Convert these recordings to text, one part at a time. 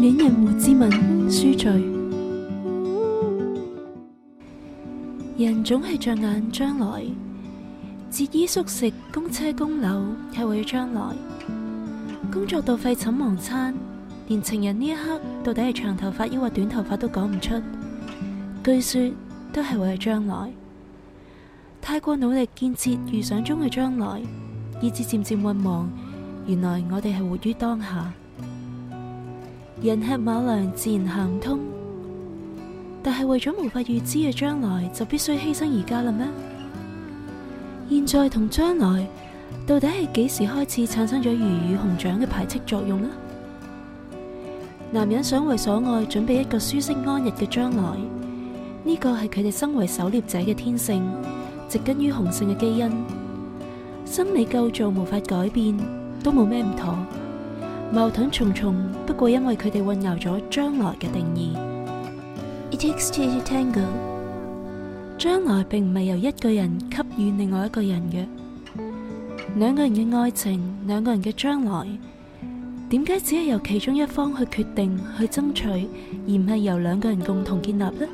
戀人湖之吻，書序。人總係着眼將來，節衣縮食、供車供樓，係為咗將來。工作到廢寢忘餐，連情人呢一刻到底係長頭髮抑或短頭髮都講唔出。據說都係為咗將來。太過努力建設預想中嘅將來，以致漸漸渾忘。原來我哋係活於當下。寅吃卯糧，自然行唔通。但係為咗無法預知嘅將來，就必須犧牲而家啦咩？現在同將來到底係幾時開始產生咗魚與熊掌嘅排斥作用呢？男人想為所愛準備一個舒適安逸嘅將來，呢個係佢哋身為狩獵者嘅天性，植根於雄性嘅基因。生理構造無法改變，都冇咩唔妥。矛盾重重。不過因為佢哋混淆咗將來嘅定義。It takes two to tango。將來並唔係由一個人給予另外一個人嘅，兩個人嘅愛情，兩個人嘅將來，點解只係由其中一方去決定去爭取，而唔係由兩個人共同建立呢？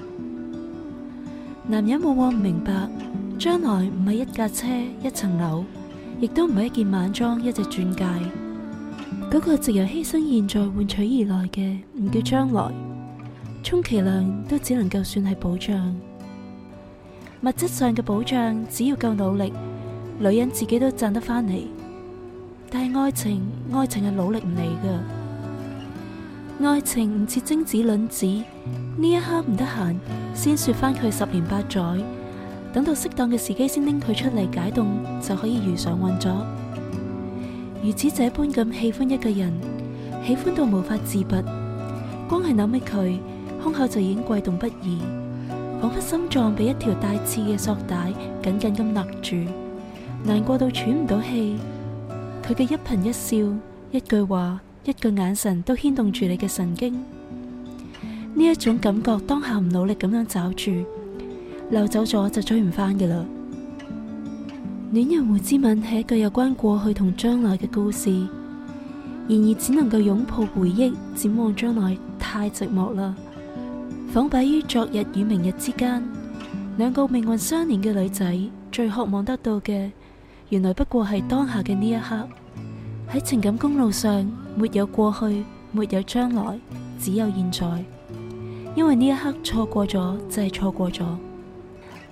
男人往往唔明白，將來唔係一架車一層樓，亦都唔係一件晚裝一隻鑽戒。嗰個藉由犧牲現在換取而來嘅，唔叫將來，充其量都只能夠算係保障。物質上嘅保障，只要夠努力，女人自己都賺得返嚟。但係愛情，愛情係努力唔嚟㗎，愛情唔似精子卵子，呢一刻唔得閒，先雪藏佢十年八載，等到適當嘅時機先拎佢出嚟解凍，就可以如常運作。如此這般咁喜歡一個人，喜歡到無法自拔，光係諗起佢，胸口就已經悸動不已，仿佛心臟被一條帶刺嘅索帶緊緊咁勒住，難過到喘唔到氣。佢嘅一顰一笑、一句話、一個眼神，都牽動住你嘅神經。呢一種感覺，當下唔努力咁樣抓住，溜走咗就追唔返嘅啦。戀人湖之吻係一個有關過去同將來嘅故事，然而只能夠擁抱回憶，展望將來，太寂寞啦！晃擺於昨日與明日之間，兩個命運相連嘅女仔，最渴望得到嘅，原來不過係當下嘅呢一刻。喺情感公路上，沒有過去，沒有將來，只有現在。因為呢一刻錯過咗，就係、是、錯過咗。